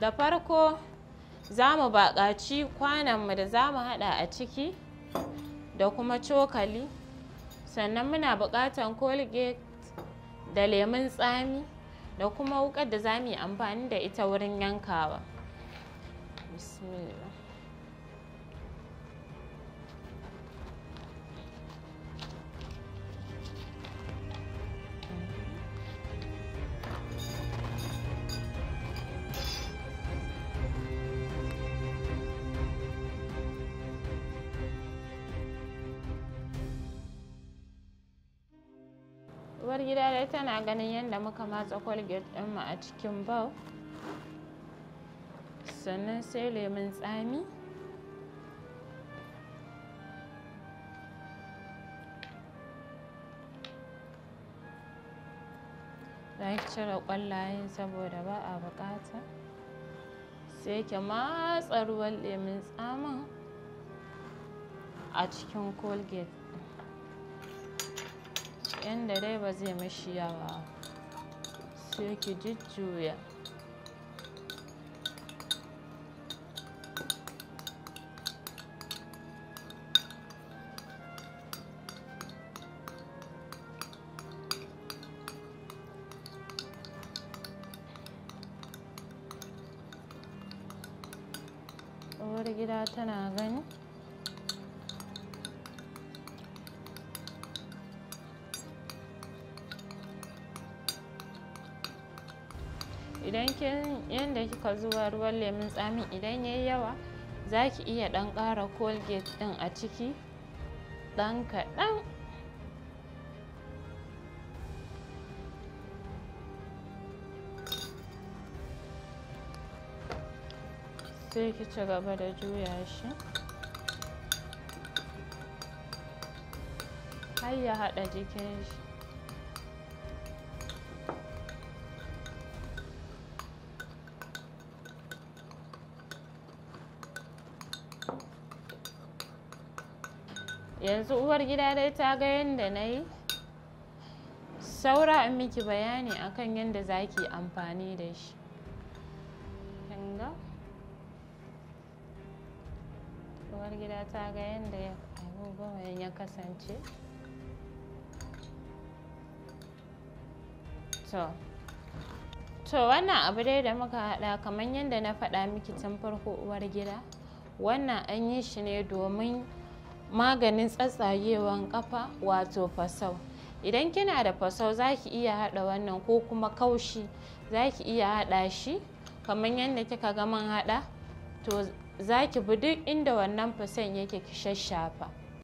da farko za mu baƙaci kwananmu da za mu haɗa a ciki da kuma cokali sannan muna buƙatar colgate da lemun tsami da kuma wuƙar da za mu yi amfani da ita wurin yankawa bismillah uwar gida dai tana ganin yadda muka matsa colgate ɗinmu a cikin bau sannan sai lemun tsami za ki cire kwallayen saboda ba a buƙata sai ki matsa ruwan lemun tsamin a cikin colgate yanda dai ba zai mashi yawa sai ki jujjuya uwar gida tana gani idan kin yanda kika zuwa ruwan lemun tsami idan yayi yawa za ki iya ɗan ƙara colgate ɗin a ciki ɗan kaɗan sai ki ci gaba da juya shi har ya haɗa jikin shi yanzu uwar gida dai ta ga yadda na yi saura in miki bayani akan yadda za ki amfani da shi uwar gida ta ga yadda abubuwan ya kasance to to wannan abu dai da muka haɗa kamar yadda na faɗa miki tun farko uwar gida wannan an yi shi ne domin maganin tsatsayewan kafa wato fasau idan kina da fasau za ki iya haɗa wannan ko kuma kaushi za ki iya haɗa shi kamar yadda kika ga man haɗa to za ki bi duk inda wannan fasan yake ki shashafa